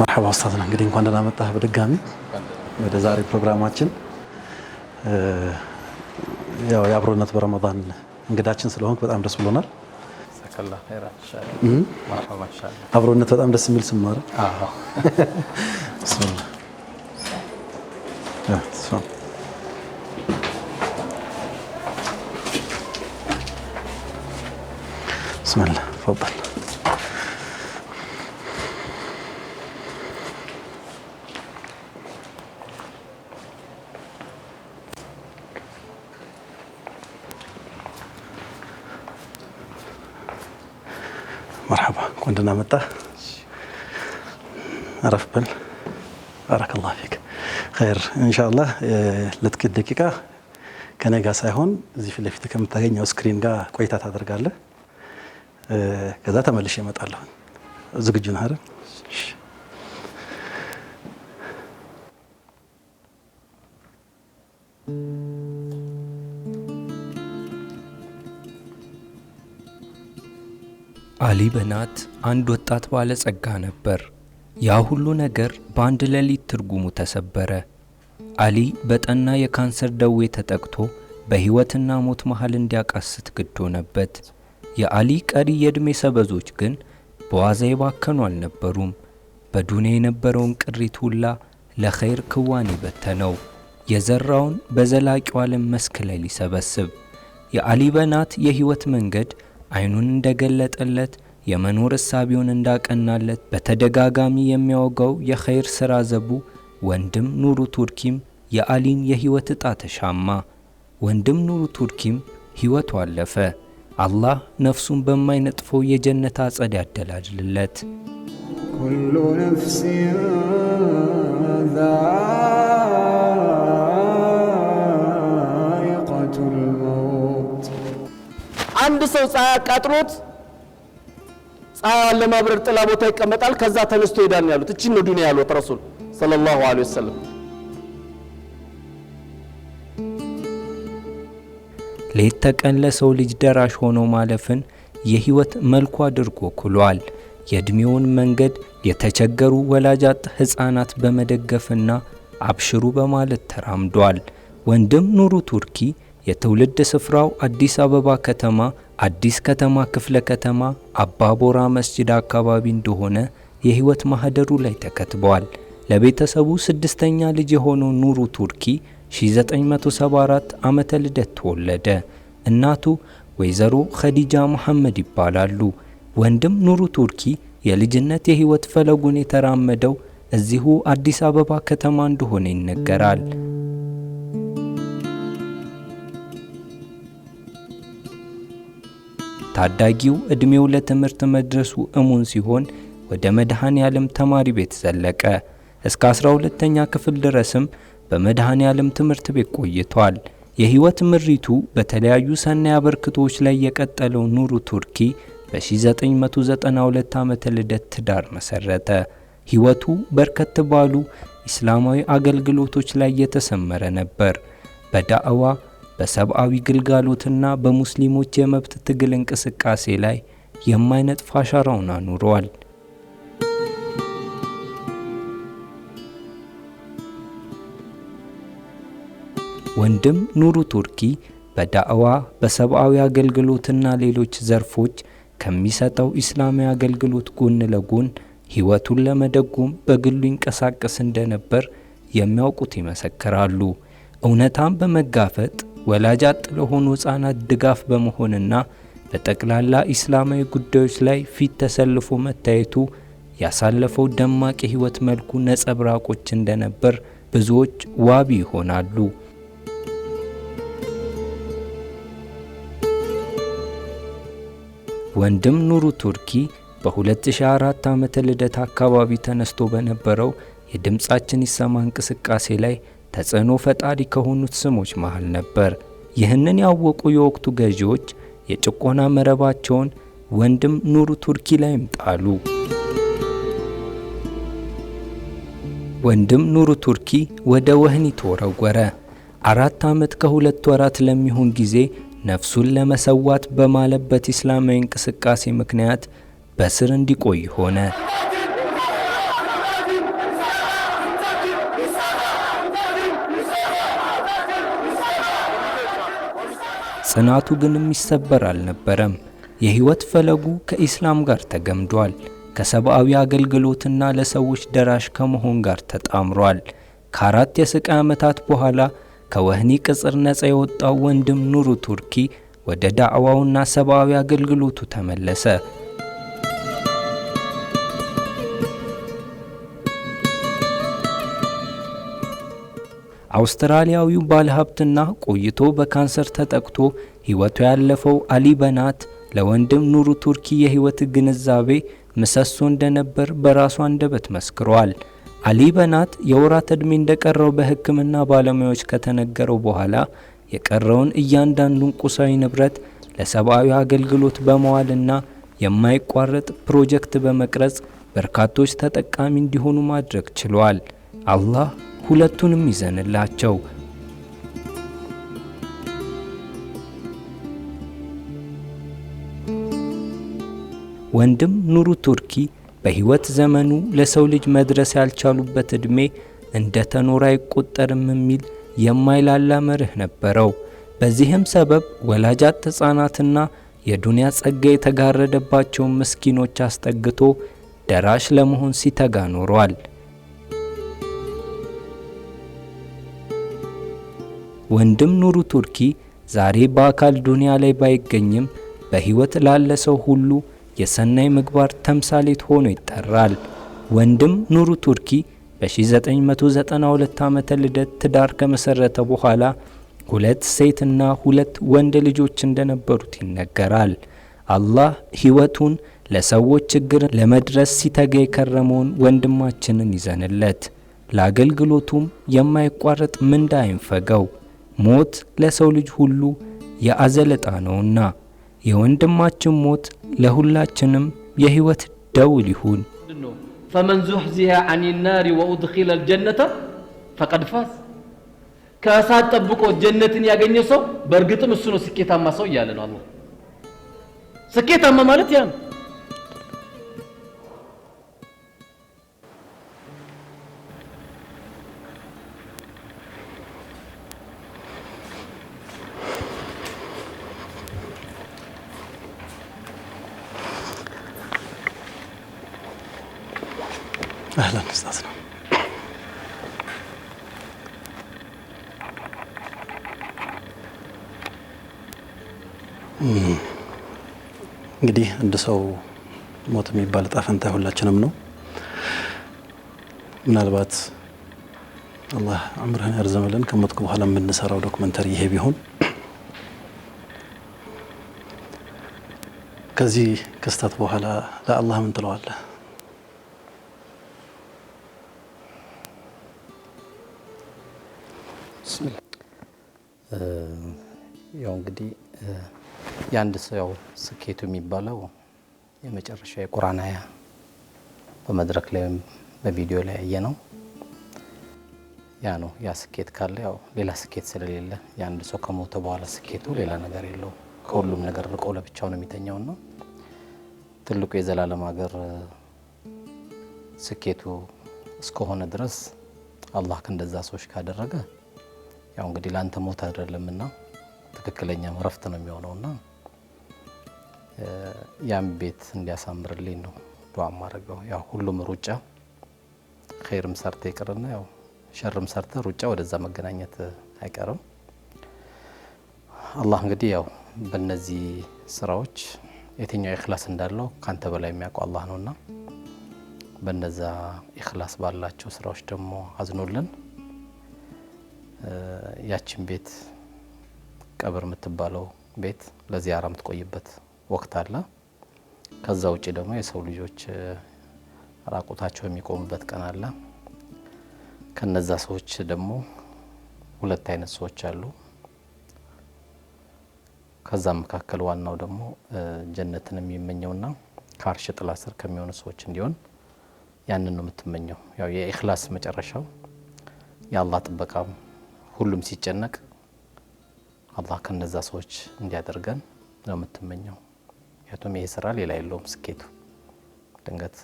መርሐባ ኡስታዝና እንግዲህ እንኳን ደህና መጣህ በድጋሚ ወደ ዛሬ ፕሮግራማችን። ያው የአብሮነት በረመዳን እንግዳችን ስለሆንክ በጣም ደስ ብሎናል። አብሮነት በጣም ደስ የሚል ስም ማረ ብስሚላ እንኳን ደህና መጣ። አረፍ በል። ባረከላሁ ፊክ። ኸይር ኢንሻአላህ። ለጥቂት ደቂቃ ከኔ ጋር ሳይሆን እዚህ ፊት ለፊት ከምታገኘው ስክሪን ጋር ቆይታ ታደርጋለህ። ከዛ ተመልሼ እመጣለሁ። ዝግጁ ነህ አሊ በናት አንድ ወጣት ባለጸጋ ነበር። ያ ሁሉ ነገር በአንድ ሌሊት ትርጉሙ ተሰበረ። አሊ በጠና የካንሰር ደዌ ተጠቅቶ በሕይወትና ሞት መሃል እንዲያቃስት ግድ ሆነበት። የአሊ ቀሪ የዕድሜ ሰበዞች ግን በዋዛ የባከኑ አልነበሩም። በዱንያ የነበረውን ቅሪት ሁላ ለኸይር ክዋኔ በተነው። የዘራውን በዘላቂው ዓለም መስክ ላይ ሊሰበስብ የአሊ በናት የሕይወት መንገድ ዐይኑን እንደገለጠለት የመኖር እሳቢውን እንዳቀናለት በተደጋጋሚ የሚያወጋው የኸይር ሥራ ዘቡ ወንድም ኑሩ ቱርኪም የአሊን የሕይወት ዕጣ ተሻማ። ወንድም ኑሩ ቱርኪም ሕይወቱ አለፈ። አላህ ነፍሱን በማይነጥፈው የጀነት አጸድ ያደላድልለት። ኩሉ ነፍሲን ዛኢቀቱል መውት አንድ ሰው ፀሐይ አቃጥሎት ፀሐይዋን ለማብረር ጥላ ቦታ ይቀመጣል። ከዛ ተነስቶ ይሄዳል ያሉት። እቺ ነው ዱንያ ያሉት ረሱል ሰለላሁ ዐለይሂ ወሰለም። ሌት ተቀን ለሰው ልጅ ደራሽ ሆኖ ማለፍን የህይወት መልኩ አድርጎ ኩሏል። የእድሜውን መንገድ የተቸገሩ ወላጅ አጥ ሕፃናት በመደገፍና አብሽሩ በማለት ተራምዷል። ወንድም ኑሩ ቱርኪ የትውልድ ስፍራው አዲስ አበባ ከተማ አዲስ ከተማ ክፍለ ከተማ አባቦራ መስጂድ አካባቢ እንደሆነ የህይወት ማህደሩ ላይ ተከትበዋል። ለቤተሰቡ ስድስተኛ ልጅ የሆነው ኑሩ ቱርኪ 1974 ዓመተ ልደት ተወለደ። እናቱ ወይዘሮ ኸዲጃ መሐመድ ይባላሉ። ወንድም ኑሩ ቱርኪ የልጅነት የህይወት ፈለጉን የተራመደው እዚሁ አዲስ አበባ ከተማ እንደሆነ ይነገራል። ታዳጊው ዕድሜው ለትምህርት መድረሱ እሙን ሲሆን ወደ መድኃኔ ዓለም ተማሪ ቤት ዘለቀ። እስከ 12ኛ ክፍል ድረስም በመድኃኔ ዓለም ትምህርት ቤት ቆይቷል። የህይወት ምሪቱ በተለያዩ ሰናይ አበርክቶች ላይ የቀጠለው ኑሩ ቱርኪ በ1992 ዓመተ ልደት ትዳር መሰረተ። ህይወቱ በርከት ባሉ ኢስላማዊ አገልግሎቶች ላይ የተሰመረ ነበር። በዳዕዋ በሰብአዊ ግልጋሎትና በሙስሊሞች የመብት ትግል እንቅስቃሴ ላይ የማይነጥፍ አሻራውን አኑረዋል። ወንድም ኑሩ ቱርኪ በዳዕዋ በሰብአዊ አገልግሎትና ሌሎች ዘርፎች ከሚሰጠው ኢስላማዊ አገልግሎት ጎን ለጎን ሕይወቱን ለመደጎም በግሉ ይንቀሳቀስ እንደነበር የሚያውቁት ይመሰክራሉ። እውነታን በመጋፈጥ ወላጅ አጥ ለሆኑ ሕፃናት ድጋፍ በመሆንና በጠቅላላ ኢስላማዊ ጉዳዮች ላይ ፊት ተሰልፎ መታየቱ ያሳለፈው ደማቅ የሕይወት መልኩ ነጸብራቆች እንደነበር ብዙዎች ዋቢ ይሆናሉ። ወንድም ኑሩ ቱርኪ በ2004 ዓመተ ልደት አካባቢ ተነስቶ በነበረው የድምፃችን ይሰማ እንቅስቃሴ ላይ ተጽዕኖ ፈጣሪ ከሆኑት ስሞች መሃል ነበር። ይህንን ያወቁ የወቅቱ ገዢዎች የጭቆና መረባቸውን ወንድም ኑሩ ቱርኪ ላይም ጣሉ። ወንድም ኑሩ ቱርኪ ወደ ወህኒ ተወረወረ። አራት ዓመት ከሁለት ወራት ለሚሆን ጊዜ ነፍሱን ለመሰዋት በማለበት ኢስላማዊ እንቅስቃሴ ምክንያት በስር እንዲቆይ ሆነ። ጽናቱ ግንም ይሰበር አልነበረም። የህይወት ፈለጉ ከኢስላም ጋር ተገምዷል። ከሰብአዊ አገልግሎትና ለሰዎች ደራሽ ከመሆን ጋር ተጣምሯል። ከአራት የስቃይ ዓመታት በኋላ ከወህኒ ቅጽር ነፃ የወጣው ወንድም ኑሩ ቱርኪ ወደ ዳዕዋውና ሰብአዊ አገልግሎቱ ተመለሰ። አውስትራሊያዊው ባለሀብትና ቆይቶ በካንሰር ተጠቅቶ ሕይወቱ ያለፈው አሊ በናት ለወንድም ኑሩ ቱርኪ የሕይወት ግንዛቤ ምሰሶ እንደነበር በራሱ አንደበት መስክሯል። አሊ በናት የወራት ዕድሜ እንደቀረው በሕክምና ባለሙያዎች ከተነገረው በኋላ የቀረውን እያንዳንዱን ቁሳዊ ንብረት ለሰብአዊ አገልግሎት በመዋልና የማይቋረጥ ፕሮጀክት በመቅረጽ በርካቶች ተጠቃሚ እንዲሆኑ ማድረግ ችሏል። አላህ ሁለቱንም ይዘንላቸው። ወንድም ኑሩ ቱርኪ በሕይወት ዘመኑ ለሰው ልጅ መድረስ ያልቻሉበት ዕድሜ እንደ ተኖረ አይቆጠርም የሚል የማይላላ መርህ ነበረው። በዚህም ሰበብ ወላጃት ሕፃናትና የዱንያ ጸጋ የተጋረደባቸውን ምስኪኖች አስጠግቶ ደራሽ ለመሆን ሲተጋ ኖሯል። ወንድም ኑሩ ቱርኪ ዛሬ በአካል ዱንያ ላይ ባይገኝም በህይወት ላለ ሰው ሁሉ የሰናይ ምግባር ተምሳሌት ሆኖ ይጠራል። ወንድም ኑሩ ቱርኪ በ1992 ዓመተ ልደት ትዳር ከመሰረተ በኋላ ሁለት ሴትና ሁለት ወንድ ልጆች እንደነበሩት ይነገራል። አላህ ሕይወቱን ለሰዎች ችግር ለመድረስ ሲተጋ የከረመውን ወንድማችንን ይዘንለት፣ ለአገልግሎቱም የማይቋረጥ ምንዳ አይንፈገው። ሞት ለሰው ልጅ ሁሉ የአዘለጣ ነውና የወንድማችን ሞት ለሁላችንም የህይወት ደውል ይሁን። ፈመን ዙሕዚሀ አን ናሪ ወኡድኺለ ልጀነተ ፈቀድ ፋዝ። ከእሳት ጠብቆ ጀነትን ያገኘ ሰው በእርግጥም እሱ ነው ስኬታማ ሰው እያለ ነው አላህ። ስኬታማ ማለት ያ ነው። اهلا استاذنا hmm. እንግዲህ አንድ ሰው ሞት የሚባል እጣ ፈንታ ሁላችንም ነው። ምናልባት አላህ አምርህን ያርዘመለን ከሞትኩ በኋላ የምንሰራው ዶክመንተሪ ይሄ ቢሆን ከዚህ ክስተት በኋላ ለአላህ ምን ትለዋለህ? ያው እንግዲህ የአንድ ሰው ስኬቱ የሚባለው የመጨረሻ የቁርአን አያ በመድረክ ላይ ወይም በቪዲዮ ላይ ያየ ነው። ያ ነው ያ ስኬት ካለ ያው ሌላ ስኬት ስለሌለ የአንድ ሰው ከሞተ በኋላ ስኬቱ ሌላ ነገር የለው ከሁሉም ነገር ርቆ ለብቻው ነው የሚተኛው ነው። ትልቁ የዘላለም ሀገር ስኬቱ እስከሆነ ድረስ አላህ ከእንደዛ ሰዎች ካደረገ ያው እንግዲህ ለአንተ ሞት አይደለምና ትክክለኛ እረፍት ነው የሚሆነውና ያን ቤት እንዲያሳምርልኝ ነው ዱዓ ማድረገው። ያው ሁሉም ሩጫ ኸይርም ሰርተ ይቅርና ያው ሸርም ሰርተ ሩጫ ወደዛ መገናኘት አይቀርም። አላህ እንግዲህ ያው በእነዚህ ስራዎች የትኛው ኢኽላስ እንዳለው ካንተ በላይ የሚያውቀው አላህ ነውና በነዛ ኢኽላስ ባላቸው ስራዎች ደግሞ አዝኖልን ያችን ቤት ቀብር የምትባለው ቤት ለዚያራ የምትቆይበት ወቅት አለ። ከዛ ውጭ ደግሞ የሰው ልጆች ራቁታቸው የሚቆሙበት ቀን አለ። ከነዛ ሰዎች ደግሞ ሁለት አይነት ሰዎች አሉ። ከዛም መካከል ዋናው ደግሞ ጀነትን የሚመኘውና ከአርሽ ጥላ ስር ከሚሆኑ ሰዎች እንዲሆን ያንን ነው የምትመኘው። ያው የኢኽላስ መጨረሻው የአላህ ጥበቃ.። ሁሉም ሲጨነቅ አላህ ከነዛ ሰዎች እንዲያደርገን ነው የምትመኘው። ምክንያቱም ይሄ ስራ ሌላ የለውም ስኬቱ። ድንገት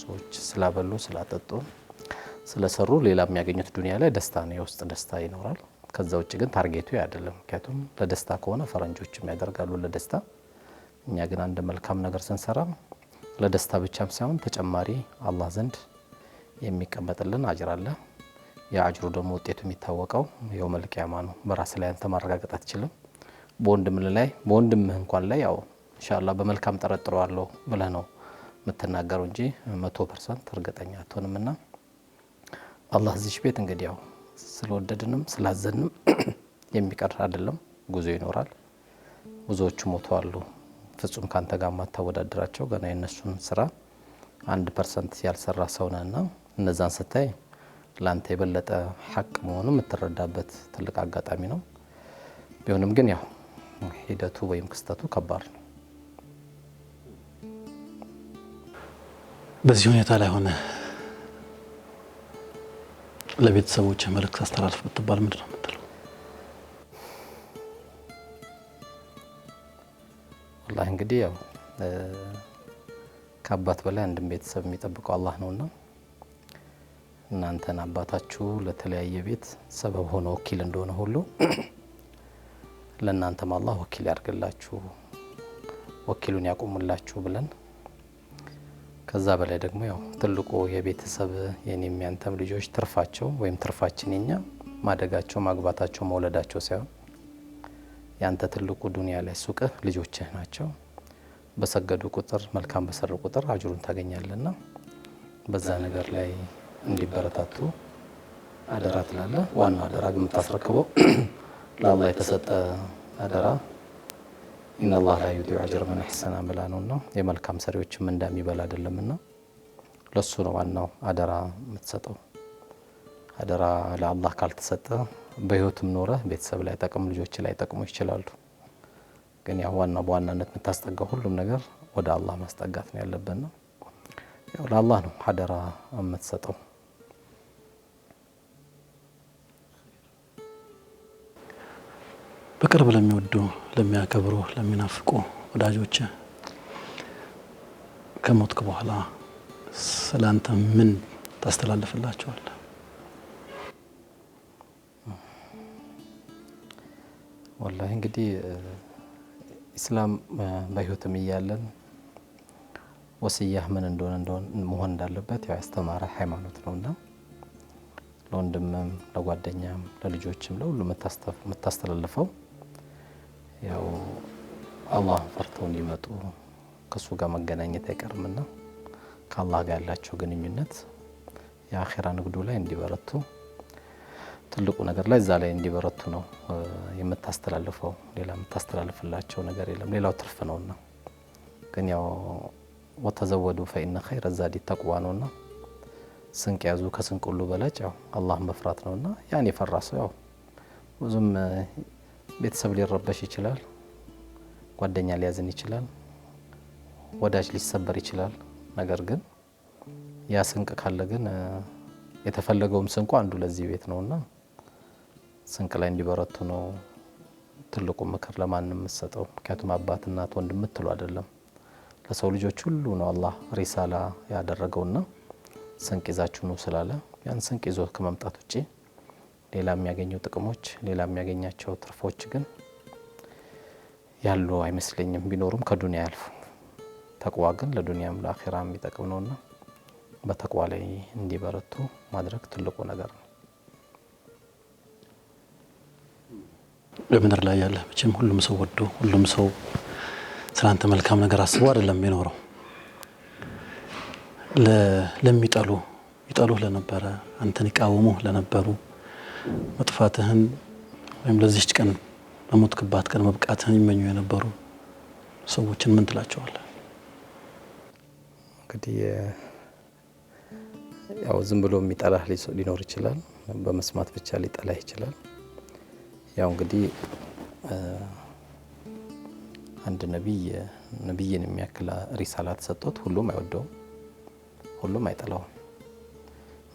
ሰዎች ስላበሉ ስላጠጡ ስለሰሩ ሌላ የሚያገኙት ዱኒያ ላይ ደስታ ነው፣ የውስጥ ደስታ ይኖራል። ከዛ ውጭ ግን ታርጌቱ አይደለም። ምክንያቱም ለደስታ ከሆነ ፈረንጆችም ያደርጋሉ ለደስታ። እኛ ግን አንድ መልካም ነገር ስንሰራ ለደስታ ብቻም ሳይሆን ተጨማሪ አላህ ዘንድ የሚቀመጥልን አጅር አለ። የአጅሩ ደግሞ ውጤቱ የሚታወቀው ይኸው መልቅያማ ነው። በራስ ላይ አንተ ማረጋገጥ አትችልም። በወንድም ላይ በወንድምህ እንኳን ላይ ያው እንሻላ በመልካም ጠረጥረዋለሁ ብለህ ነው የምትናገረው እንጂ መቶ ፐርሰንት እርግጠኛ አትሆንም። እና አላህ እዚች ቤት እንግዲህ ያው ስለወደድንም ስላዘንም የሚቀር አይደለም። ጉዞ ይኖራል። ብዙዎቹ ሞተዋሉ። ፍጹም ካንተ ጋር ማታወዳደራቸው ገና የእነሱን ስራ አንድ ፐርሰንት ያልሰራ ሰውነና እነዛን ስታይ ለአንተ የበለጠ ሀቅ መሆኑ የምትረዳበት ትልቅ አጋጣሚ ነው። ቢሆንም ግን ያው ሂደቱ ወይም ክስተቱ ከባድ ነው። በዚህ ሁኔታ ላይ ሆነ ለቤተሰቦች መልእክት አስተላልፍ ብትባል ምንድን ነው የምትለው? ወላሂ እንግዲህ ያው ከአባት በላይ አንድም ቤተሰብ የሚጠብቀው አላህ ነውና እናንተን አባታችሁ ለተለያየ ቤት ሰበብ ሆነ ወኪል እንደሆነ ሁሉ ለእናንተም አላህ ወኪል ያርግላችሁ፣ ወኪሉን ያቆሙላችሁ ብለን ከዛ በላይ ደግሞ ያው ትልቁ የቤተሰብ የኔም ያንተም ልጆች ትርፋቸው ወይም ትርፋችን የኛ ማደጋቸው ማግባታቸው መውለዳቸው ሳይሆን ያንተ ትልቁ ዱንያ ላይ ሱቅህ ልጆችህ ናቸው። በሰገዱ ቁጥር መልካም በሰሩ ቁጥር አጅሩን ታገኛለና በዛ ነገር ላይ እንዲበረታቱ አደራ ትላለ ዋናው አደራ ግን የምታስረክበው ለአላህ የተሰጠ አደራ ኢነላህ ላ ዩዲዑ አጅረ መን አሕሰነ ብላ ነው የመልካም ሰሪዎችም አይደለም አይደለምና ለሱ ነው ዋናው አደራ የምትሰጠው። አደራ ለአላህ ካልተሰጠ በህይወትም ኖረ ቤተሰብ ላይ ጠቅም ልጆች ላይ ጠቅሙ ይችላሉ። ግን ያው ዋና በዋናነት የምታስጠጋው ሁሉም ነገር ወደ አላህ ማስጠጋት ነው ያለብን ነው። ያው ለአላህ ነው አደራ የምትሰጠው። በቅርብ ለሚወዱ ለሚያከብሩ፣ ለሚናፍቁ ወዳጆች ከሞትክ በኋላ ስለ አንተ ምን ታስተላልፍላቸዋል? ወላሂ እንግዲህ ኢስላም በህይወትም እያለን ወስያህ ምን እንደሆነ እንደሆነ መሆን እንዳለበት ያው ያስተማረ ሃይማኖት ነውና ለወንድምም፣ ለጓደኛም፣ ለልጆችም ለሁሉ የምታስተላልፈው ያው አላህን ፈርተው እንዲመጡ ከእሱ ጋር መገናኘት አይቀርምና ከአላህ ጋር ያላቸው ግንኙነት የአኼራ ንግዱ ላይ እንዲበረቱ ትልቁ ነገር ላይ እዛ ላይ እንዲበረቱ ነው የምታስተላልፈው። ሌላ የምታስተላልፍላቸው ነገር የለም፣ ሌላው ትርፍ ነውና። ግን ያው ወተዘወዱ ፈኢነ ኸይረ ዛዲ ተቅዋ ነውና ስንቅ ያዙ። ከስንቅ ሁሉ በላጭ ያው አላህ መፍራት ነውና ያን የፈራ ሰው ያው ብዙም ቤተሰብ ሊረበሽ ይችላል። ጓደኛ ሊያዝን ይችላል። ወዳጅ ሊሰበር ይችላል። ነገር ግን ያ ስንቅ ካለ ግን የተፈለገውም ስንቁ አንዱ ለዚህ ቤት ነውና ስንቅ ላይ እንዲበረቱ ነው ትልቁ ምክር ለማንም የምሰጠው። ምክንያቱም አባት፣ እናት፣ ወንድም ምትሉ አይደለም ለሰው ልጆች ሁሉ ነው አላህ ሪሳላ ያደረገውና ስንቅ ይዛችሁ ነው ስላለ ያን ስንቅ ይዞ ከመምጣት ውጭ ሌላ የሚያገኙ ጥቅሞች፣ ሌላ የሚያገኛቸው ትርፎች ግን ያሉ አይመስለኝም። ቢኖሩም ከዱኒያ ያልፉ። ተቅዋ ግን ለዱንያም ለአኼራ የሚጠቅም ነውና በተቅዋ ላይ እንዲበረቱ ማድረግ ትልቁ ነገር ነው። በምድር ላይ ያለ መቼም ሁሉም ሰው ወዶ ሁሉም ሰው ስለአንተ መልካም ነገር አስቦ አይደለም የሚኖረው። ለሚጠሉ ይጠሉህ ለነበረ አንተን ይቃወሙህ ለነበሩ መጥፋትህን ወይም ለዚች ቀን ለሞትክባት ቀን መብቃትህን ይመኙ የነበሩ ሰዎችን ምን ትላቸዋለህ? እንግዲህ ያው ዝም ብሎ የሚጠላህ ሊኖር ይችላል። በመስማት ብቻ ሊጠላህ ይችላል። ያው እንግዲህ አንድ ነቢይ ነቢይን የሚያክል ሪሳላ ተሰጥቶት ሁሉም አይወደውም፣ ሁሉም አይጠላውም።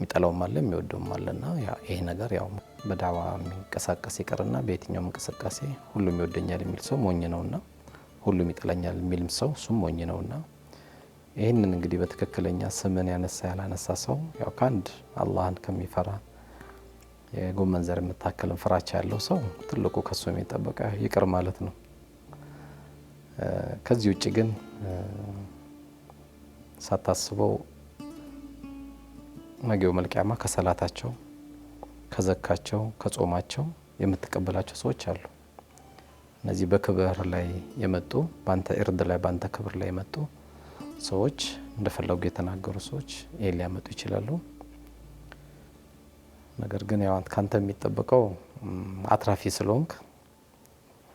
የሚጠላውም አለ የሚወደውም እና ይሄ ነገር ያው በዳዋ የሚንቀሳቀስ ይቅርና በየትኛውም እንቅስቃሴ ሁሉም ይወደኛል የሚል ሰው ሞኝ ነውና፣ ሁሉም ይጠላኛል የሚልም ሰው እሱም ሞኝ ነውና ይህንን እንግዲህ በትክክለኛ ስምን ያነሳ ያላነሳ ሰው ያው ከአንድ አላህን ከሚፈራ የጎመን ዘር የምታከልን ፍራቻ ያለው ሰው ትልቁ ከሱ የሚጠበቀ ይቅር ማለት ነው። ከዚህ ውጭ ግን ሳታስበው ነገው መልቂያማ ከሰላታቸው ከዘካቸው ከጾማቸው የምትቀበላቸው ሰዎች አሉ። እነዚህ በክብር ላይ የመጡ በአንተ እርድ ላይ በአንተ ክብር ላይ የመጡ ሰዎች እንደፈለጉ የተናገሩ ሰዎች ይሄ ሊያመጡ ይችላሉ። ነገር ግን ያው ካንተ የሚጠበቀው አትራፊ ስለሆንክ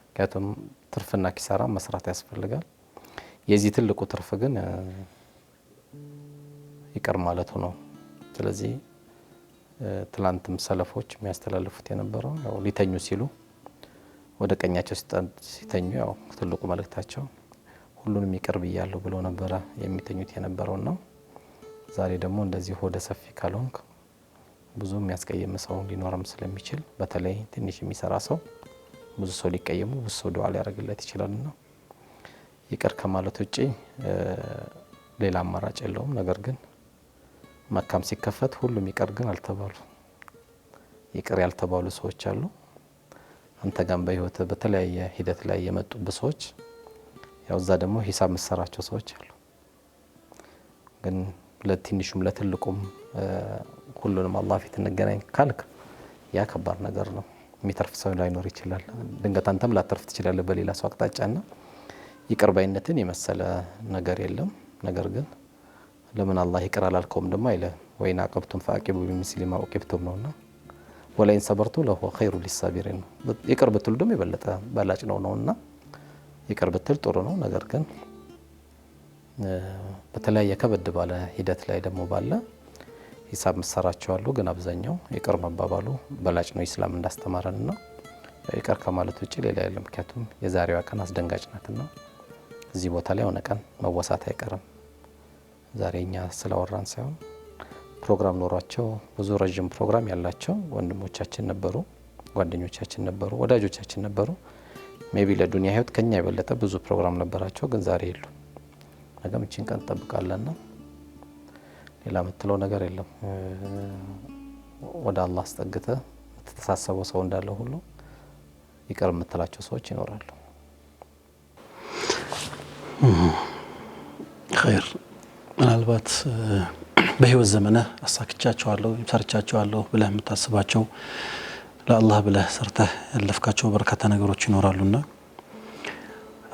ምክንያቱም ትርፍና ኪሳራ መስራት ያስፈልጋል። የዚህ ትልቁ ትርፍ ግን ይቅር ማለቱ ነው። ስለዚህ ትላንትም ሰለፎች የሚያስተላልፉት የነበረው ያው ሊተኙ ሲሉ ወደ ቀኛቸው ሲተኙ ያው ትልቁ መልእክታቸው ሁሉንም ይቅር ብያለሁ ብሎ ነበረ የሚተኙት የነበረው ነው። ዛሬ ደግሞ እንደዚህ ወደ ሰፊ ካልሆንክ ብዙ የሚያስቀየም ሰው ሊኖረም ስለሚችል በተለይ ትንሽ የሚሰራ ሰው ብዙ ሰው ሊቀየሙ ብዙ ሰው ደዋ ሊያደርግለት ይችላል ና ይቅር ከማለት ውጭ ሌላ አማራጭ የለውም ነገር ግን መካም ሲከፈት ሁሉም ይቅር ግን አልተባሉ ይቅር ያልተባሉ ሰዎች አሉ። አንተ ጋም በህይወት በተለያየ ሂደት ላይ የመጡብ ሰዎች ያው እዛ ደግሞ ሂሳብ ምሰራቸው ሰዎች አሉ። ግን ለትንሹም ለትልቁም ሁሉንም አላህ ፊት እንገናኝ ካልክ ያ ከባድ ነገር ነው። የሚተርፍ ሰው ላይኖር ይችላል። ድንገት አንተም ላተርፍ ትችላለህ በሌላ ሰው አቅጣጫና ይቅር ባይነትን የመሰለ ነገር የለም። ነገር ግን ለምን አላህ ይቅር አላልከውም ደግሞ አይልህም። ወይን አቀብቱም ፈአቂቡ ቢሚስሊ ማ ዑቂብቱም ነውና ወላይን ሰበርቱ ለሁ ኸይሩ ሊሳቢሪን ነው። ይቅር ብትሉ ደግሞ የበለጠ በላጭ ነው ነውና ይቅር ብትል ጥሩ ነው። ነገር ግን በተለያየ ከበድ ባለ ሂደት ላይ ደግሞ ባለ ሂሳብ ምሰራቸው አሉ። ግን አብዛኛው ይቅር መባባሉ በላጭ ነው ኢስላም እንዳስተማረንና ይቅር ከማለት ውጭ ሌላ የለም። ምክንያቱም የዛሬዋ ቀን አስደንጋጭ ናትና እዚህ ቦታ ላይ የሆነ ቀን መወሳት አይቀርም። ዛሬ እኛ ስላወራን ሳይሆን ፕሮግራም ኖሯቸው ብዙ ረዥም ፕሮግራም ያላቸው ወንድሞቻችን ነበሩ፣ ጓደኞቻችን ነበሩ፣ ወዳጆቻችን ነበሩ። ሜቢ ለዱኒያ ህይወት ከኛ የበለጠ ብዙ ፕሮግራም ነበራቸው፣ ግን ዛሬ የሉ። ነገም ይችን ቀን እንጠብቃለንና ሌላ የምትለው ነገር የለም። ወደ አላህ አስጠግተ የተተሳሰበው ሰው እንዳለ ሁሉ ይቅር የምትላቸው ሰዎች ይኖራሉ። ኸይር ምናልባት በህይወት ዘመነህ አሳክቻቸዋለሁ ሰርቻቸዋለሁ ብለህ የምታስባቸው ለአላህ ብለህ ሰርተህ ያለፍካቸው በርካታ ነገሮች ይኖራሉና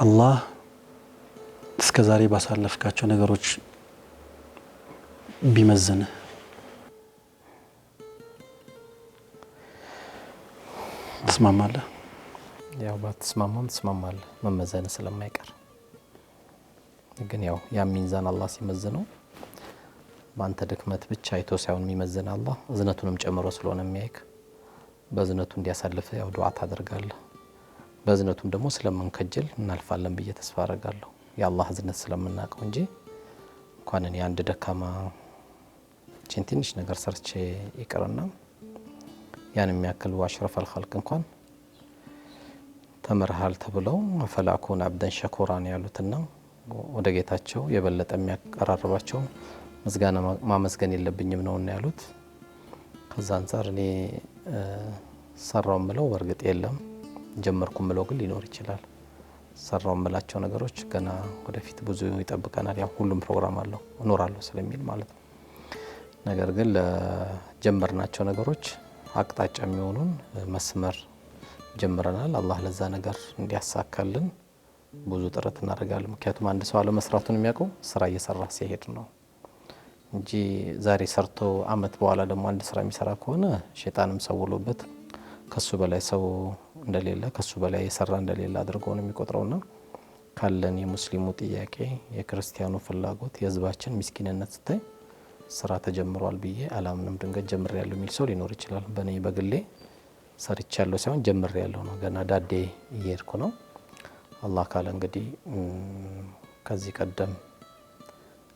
አላህ እስከ ዛሬ ባሳለፍካቸው ነገሮች ቢመዝንህ ትስማማለህ? ያው ባትስማማም ትስማማለህ፣ መመዘን ስለማይቀር ግን ያው ያ ሚዛን አላህ ሲመዝነው በአንተ ድክመት ብቻ አይቶ ሳይሆን የሚመዝን አላህ እዝነቱንም ጨምሮ ስለሆነ የሚያይክ በእዝነቱ እንዲያሳልፍ ያው ዱዓ ታደርጋለህ። በእዝነቱም ደግሞ ስለምንከጅል እናልፋለን ብዬ ተስፋ አረጋለሁ። የአላህ እዝነት ስለምናውቀው እንጂ እንኳን እኔ አንድ ደካማ ችን ትንሽ ነገር ሰርቼ ይቅርና ያን የሚያክል አሽረፍ አልኸልቅ እንኳን ተምርሃል ተብለው ፈላኩን አብደን ሸኮራን ያሉትና ወደ ጌታቸው የበለጠ የሚያቀራርባቸው ምስጋና ማመስገን የለብኝም እና ያሉት። ከዛ አንጻር እኔ ሰራው ምለው በእርግጥ የለም፣ ጀመርኩ ምለው ግን ሊኖር ይችላል። ሰራው ምላቸው ነገሮች ገና ወደፊት ብዙ ይጠብቀናል። ያ ሁሉም ፕሮግራም አለው እኖራለሁ ስለሚል ማለት ነው። ነገር ግን ለጀመርናቸው ነገሮች አቅጣጫ የሚሆኑን መስመር ጀምረናል። አላህ ለዛ ነገር እንዲያሳካልን ብዙ ጥረት እናደርጋለን። ምክንያቱም አንድ ሰው አለመስራቱን የሚያውቀው ስራ እየሰራ ሲሄድ ነው እንጂ ዛሬ ሰርቶ አመት በኋላ ደግሞ አንድ ስራ የሚሰራ ከሆነ ሸጣንም ሰውሎበት ከሱ በላይ ሰው እንደሌለ ከሱ በላይ የሰራ እንደሌለ አድርጎ ነው የሚቆጥረውና ካለን የሙስሊሙ ጥያቄ የክርስቲያኑ ፍላጎት የህዝባችን ምስኪንነት ስታይ ስራ ተጀምሯል ብዬ አላምንም። ድንገት ጀምር ያለው የሚል ሰው ሊኖር ይችላል። በእኔ በግሌ ሰርቻለሁ ሳይሆን ጀምር ያለው ነው። ገና ዳዴ እየሄድኩ ነው። አላህ ካለ እንግዲህ ከዚህ ቀደም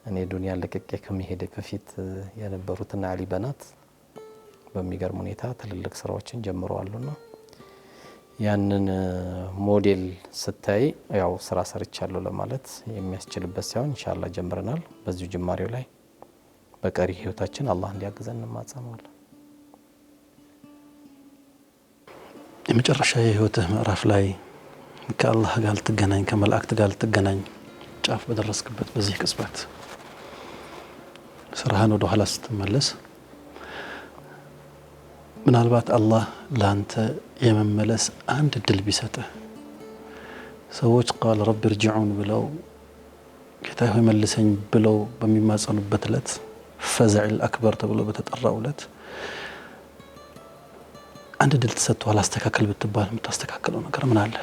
እኔ ዱንያ ለቅቄ ከመሄድ በፊት የነበሩትና አሊ በናት በሚገርም ሁኔታ ትልልቅ ስራዎችን ጀምረዋሉና ያንን ሞዴል ስታይ ያው ስራ ሰርቻለሁ ለማለት የሚያስችልበት ሳይሆን ኢንሻላህ ጀምረናል። በዚሁ ጅማሬው ላይ በቀሪ ህይወታችን አላህ እንዲያግዘን እንማጸማለን። የመጨረሻ የህይወትህ ምዕራፍ ላይ ከአላህ ጋር ልትገናኝ ከመላእክት ጋር ልትገናኝ ጫፍ በደረስክበት በዚህ ቅጽበት ስራህን ወደ ኋላ ስትመለስ ምናልባት አላህ ለአንተ የመመለስ አንድ እድል ቢሰጥህ ሰዎች ቃል ረቢ እርጅዑን ብለው ጌታ ሆይ መልሰኝ ብለው በሚማጸኑበት ዕለት ፈዘዕል አክበር ተብሎ በተጠራው ዕለት አንድ እድል ተሰጥቷል። አስተካከል ብትባል የምታስተካክለው ነገር ምን አለ?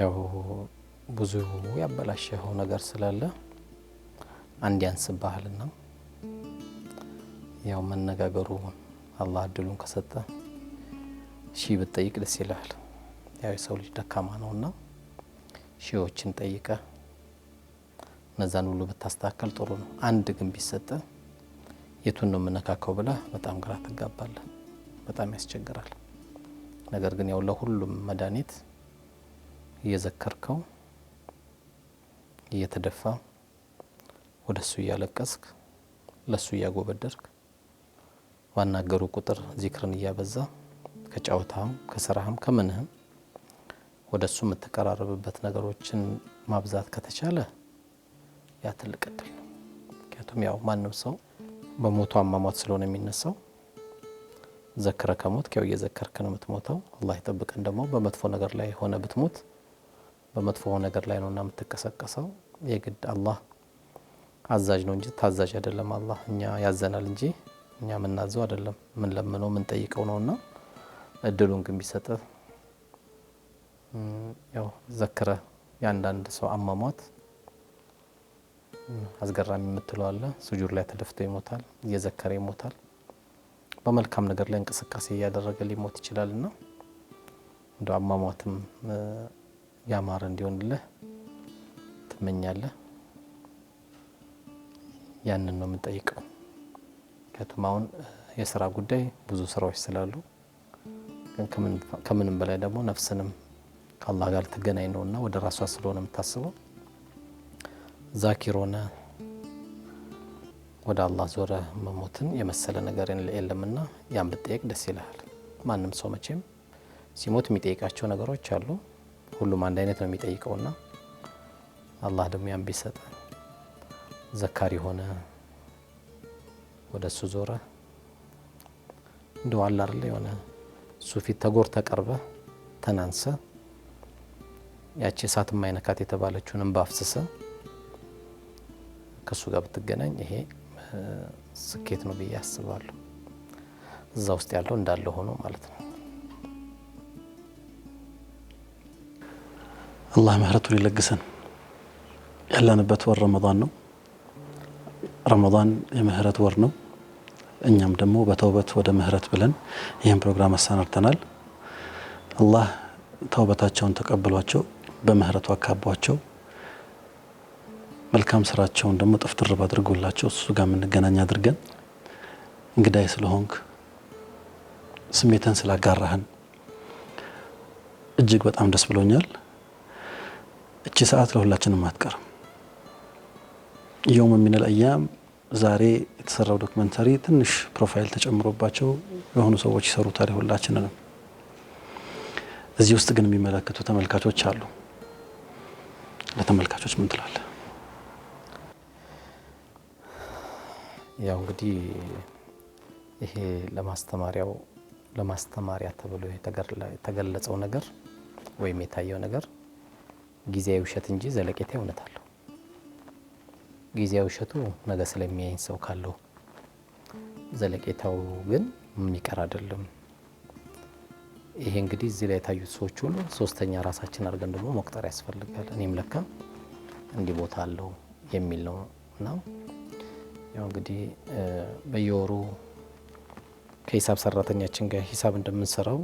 ያው ብዙ ያበላሸኸው ነገር ስላለ አንድ ያንስ ያንስብሃልና ያው መነጋገሩ አላህ እድሉን ከሰጠ ሺ ብትጠይቅ ደስ ይላል። ያው የሰው ልጅ ደካማ ነውና ሺዎችን ጠይቀ እነዛን ሁሉ ብታስተካከል ጥሩ ነው። አንድ ግን ቢሰጠ የቱን ነው የምነካከው ብለህ በጣም ግራ ትጋባለህ። በጣም ያስቸግራል። ነገር ግን ያው ለሁሉም መድኃኒት እየዘከርከው እየተደፋ ወደ እሱ እያለቀስክ ለእሱ እያጎበደርክ ባናገሩ ቁጥር ዚክርን እያበዛ ከጨዋታህም ከስራህም ከምንህም ወደ እሱ የምትቀራረብበት ነገሮችን ማብዛት ከተቻለ ያ ትልቅ እድል ነው። ምክንያቱም ያው ማንም ሰው በሞቱ አሟሟት ስለሆነ የሚነሳው ዘክረ ከሞት ያው እየዘከርክ ነው የምትሞተው። አላህ ይጠብቀን። ደግሞ በመጥፎ ነገር ላይ ሆነ ብትሞት በመጥፎ ነገር ላይ ነውና የምትቀሰቀሰው። የግድ አላህ አዛዥ ነው እንጂ ታዛዥ አይደለም። አላህ እኛ ያዘናል እንጂ እኛ የምናዘው አይደለም። ምን ለምነው ምን ጠይቀው ነው እና እድሉን ግን ቢሰጥ ያው ዘክረ የአንዳንድ ሰው አሟሟት አስገራሚ የምትለው አለ። ሱጁድ ላይ ተደፍቶ ይሞታል፣ እየዘከረ ይሞታል። በመልካም ነገር ላይ እንቅስቃሴ እያደረገ ሊሞት ይችላል ና እንደ አሟሟትም ያማረ እንዲሆንልህ ትመኛለህ። ያንን ነው የምንጠይቀው። ምክንያቱም አሁን የስራ ጉዳይ ብዙ ስራዎች ስላሉ፣ ከምንም በላይ ደግሞ ነፍስንም ከአላህ ጋር ትገናኝ እና ወደ ራሷ ስለሆነ የምታስበው ዛኪር ሆነ ወደ አላህ ዞረ መሞትን የመሰለ ነገር የለምና ያን ብጠየቅ ደስ ይልሃል። ማንም ሰው መቼም ሲሞት የሚጠይቃቸው ነገሮች አሉ። ሁሉም አንድ አይነት ነው የሚጠይቀውና አላህ ደግሞ ያን ቢሰጠን ዘካሪ ሆነ ወደ እሱ ዞረ እንደው አለ አይደለ የሆነ እሱ ፊት ተጎር ተቀርበ ተናንሰ ያቺ እሳት ማይነካት የተባለችውን እንባ አፍስሰ ከእሱ ጋር ብትገናኝ ይሄ ስኬት ነው ብዬ አስባለሁ። እዛ ውስጥ ያለው እንዳለ ሆኖ ማለት ነው። አላህ ምህረቱን ይለግሰን። ያለንበት ወር ረመዳን ነው። ረመዳን የምህረት ወር ነው። እኛም ደግሞ በተውበት ወደ ምህረት ብለን ይህን ፕሮግራም አሰናድተናል። አላህ ተውበታቸውን ተቀብሏቸው በምህረቱ አካቧቸው መልካም ስራቸውን ደግሞ ጥፍጥርብ አድርጎላቸው እሱ ጋር የምንገናኝ አድርገን እንግዳይ ስለሆንክ ስሜትን ስላጋራህን እጅግ በጣም ደስ ብሎኛል። እቺ ሰዓት ለሁላችንም አትቀርም። የውም የሚነል አያም ዛሬ የተሰራው ዶክመንተሪ ትንሽ ፕሮፋይል ተጨምሮባቸው የሆኑ ሰዎች ይሰሩታል። ሁላችንንም እዚህ ውስጥ ግን የሚመለከቱ ተመልካቾች አሉ። ለተመልካቾች ምን ትላለ? ያው እንግዲህ ይሄ ለማስተማሪያው ለማስተማሪያ ተብሎ የተገለጸው ነገር ወይም የታየው ነገር ጊዜያዊ ውሸት እንጂ ዘለቄታ እውነት አለው። ጊዜያዊ ውሸቱ ነገ ስለሚያይን ሰው ካለው፣ ዘለቄታው ግን የሚቀር አይደለም። ይሄ እንግዲህ እዚህ ላይ የታዩት ሰዎች ሁሉ ሶስተኛ ራሳችን አድርገን ደግሞ መቁጠር ያስፈልጋል። እኔም ለካ እንዲህ ቦታ አለው የሚል ነው እና ያው እንግዲህ በየወሩ ከሂሳብ ሰራተኛችን ጋር ሂሳብ እንደምንሰራው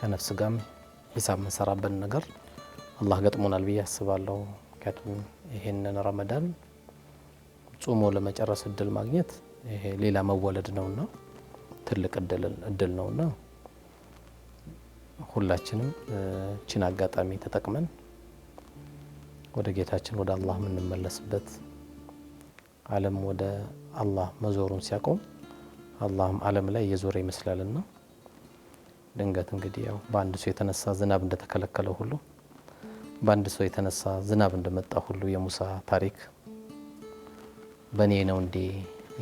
ከነፍስ ጋርም ሂሳብ የምንሰራበት ነገር አላህ ገጥሞናል ብዬ አስባለሁ። ምክንያቱም ይሄንን ረመዳን ጾሞ ለመጨረስ እድል ማግኘት ይሄ ሌላ መወለድ ነውና ትልቅ እድል ነውና ሁላችንም እችን አጋጣሚ ተጠቅመን ወደ ጌታችን ወደ አላህ የምንመለስበት ዓለም ወደ አላህ መዞሩን ሲያቆም አላህም ዓለም ላይ እየዞረ ይመስላልና ድንገት እንግዲህ ያው በአንድ ሰው የተነሳ ዝናብ እንደተከለከለ ሁሉ በአንድ ሰው የተነሳ ዝናብ እንደመጣ ሁሉ የሙሳ ታሪክ በእኔ ነው እንዴ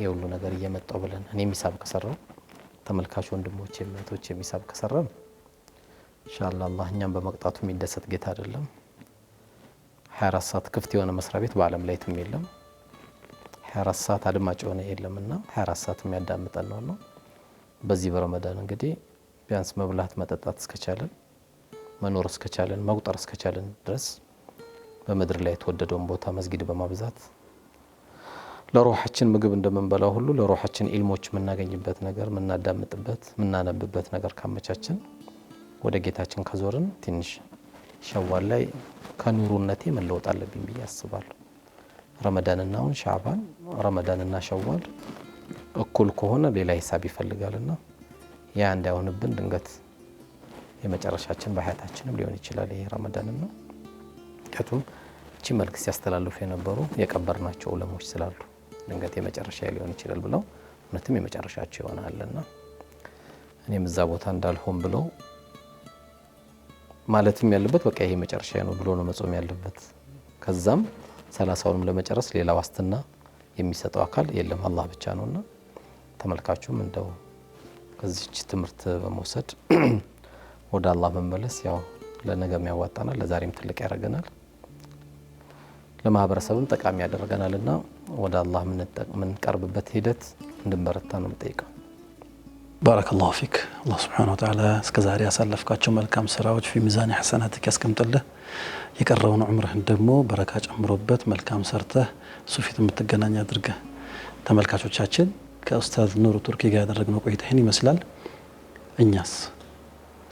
የሁሉ ነገር እየመጣው ብለን እኔም ሂሳብ ከሰራው ተመልካች ወንድሞች እህቶች የሚሳብ ከሰራን ኢንሻአላ አላህ እኛም በመቅጣቱ የሚደሰት ጌታ አይደለም። 24 ሰዓት ክፍት የሆነ መስሪያ ቤት በዓለም ላይ የትም የለም። 24 ሰዓት አድማጭ የሆነ የለምና 24 ሰዓት የሚያዳምጠን ነው ነው በዚህ በረመዳን እንግዲህ ቢያንስ መብላት መጠጣት እስከቻለን መኖር እስከቻለን መቁጠር እስከቻለን ድረስ በምድር ላይ የተወደደውን ቦታ መስጊድ በማብዛት ለሮሓችን ምግብ እንደምንበላው ሁሉ ለሮሓችን ኢልሞች የምናገኝበት ነገር የምናዳምጥበት የምናነብበት ነገር ካመቻችን ወደ ጌታችን ከዞርን ትንሽ ሸዋል ላይ ከኑሩነቴ መለወጥ አለብኝ ብዬ አስባለሁ። ረመዳንና አሁን ሻዕባን ረመዳንና ሸዋል እኩል ከሆነ ሌላ ሂሳብ ይፈልጋልና ያ እንዳይሆንብን ድንገት የመጨረሻችን በሀያታችንም ሊሆን ይችላል። ይሄ ረመዳንም ነው። ምክንያቱም እቺ መልክ ሲያስተላልፉ የነበሩ የቀበር ናቸው ዑለሞች ስላሉ ድንገት የመጨረሻ ሊሆን ይችላል ብለው እውነትም የመጨረሻቸው ይሆናልና እኔም እዛ ቦታ እንዳልሆን ብለው ማለትም ያለበት በቃ ይሄ መጨረሻ ነው ብሎ ነው መጾም ያለበት። ከዛም ሰላሳውንም ለመጨረስ ሌላ ዋስትና የሚሰጠው አካል የለም አላህ ብቻ ነውና ተመልካቹም እንደው ከዚች ትምህርት በመውሰድ ወደ አላህ መመለስ ያው ለነገም ያዋጣናል፣ ለዛሬም ትልቅ ያደርገናል፣ ለማህበረሰብም ጠቃሚ ያደርገናል እና ወደ አላህ የምንቀርብበት ሂደት እንድንበረታ ነው የምጠይቀው። ባረከላሁ ፊክ። አላህ ስብሐነሁ ወተዓላ እስከ ዛሬ ያሳለፍካቸው መልካም ስራዎች ፊ ሚዛን ሐሰናትክ ያስቀምጥልህ። የቀረውን ዑምርህን ደግሞ በረካ ጨምሮበት መልካም ሰርተህ ሱፊት የምትገናኝ አድርገህ። ተመልካቾቻችን ከኡስታዝ ኑሩ ቱርኪ ጋር ያደረግነው ቆይታ ይህን ይመስላል። እኛስ